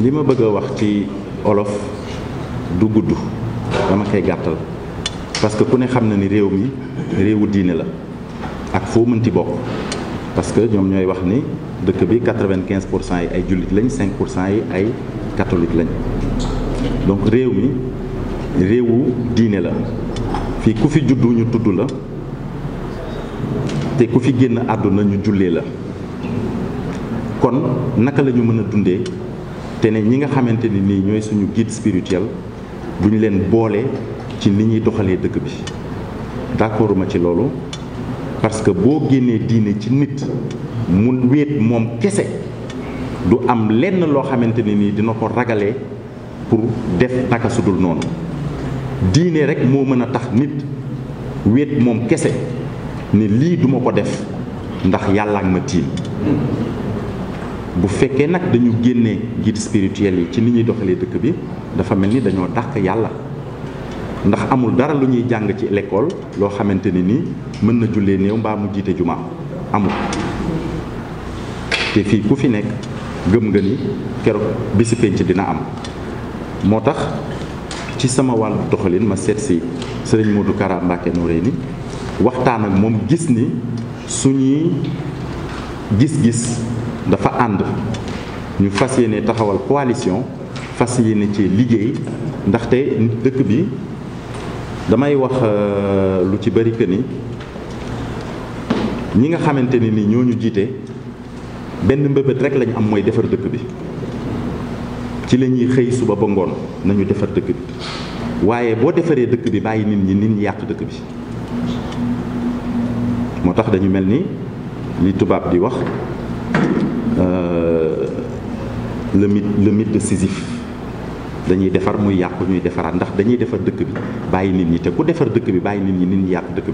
li ma bëgg a wax ci olof du gudd dama koy gàttal parce que ku ne xam na ni réew mi réewu diine la ak foo mënti bokk parce que ñoom ñooy wax ni dëkk bi 95 pour cent yi ay jullit lañ cinq pour cent yi ay catholique lañ donc réew mi réewu diine la fii ku fi juddu ñu tudd la te ku fi génn àdduna ñu jullee la kon naka lañu mën a dundee te ne ñi nga xamante ni nii ñooy suñu guide spirituel bu ñu leen boole ci ni ñuy doxalee dëkk bi d'accord ma ci loolu parce que boo génnee diine ci nit mu wéet moom kese du am lenn loo xamante ne nii dina ko ragale pour def naka sudul noonu diine rek moo mën a tax nit wéet moom kese ne lii duma ko def ndax yàlla ak ma tiim bu fekke nak dañu génnee guide spirituel yi ci ni ñuy doxalee dëkk bi dafa melni dañoo dàq ndax amul dara lu ñuy jàng ci l'école lo xamanteni ne ni mën na jullee mbaa mu jité juma amul té fi ku fi nek gëm nga ni keroog bisi penc dina am motax ci sama wal doxalin ma seet sëriñ Modou Kara Mbacké waxtaan ak mom gis ni suñi gis-gis dafa and ñu fas taxawal coalition fas yéene ci liggéey ndaxte dëkk bi damay wax euh, lu ci bari ke ni ñi nga xamanteni ni ñoñu jité benn mbëbët rek lañ am moy défer dëkk bi ci lañuy xey suba ba ngoon nañu défer dëkk bi waye bo déferé dëkk bi bàyyi nit ñi nit ñi yàq dëkk bi motax dañu melni li tubab di wax Euh, le mythe le de Sisyphe dañuy defar muy yàqu ñuy defaraat ndax dañuy defar dëkk bi bàyyi nit ñi te ku defar dëkk bi bàyyi nit ñi nit ñi yàq dëkk bi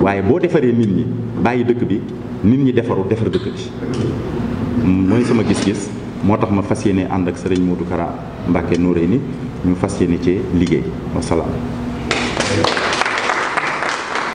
waaye boo defaree nit ñi bàyyi dëkk bi nit ñi defaru defar dëkk bi mooy sama gis-gis moo tax ma fas yéene ànd ak sëriñ Modou Kara Mbacke ni ñu fas yéene ci liggéey wasalaam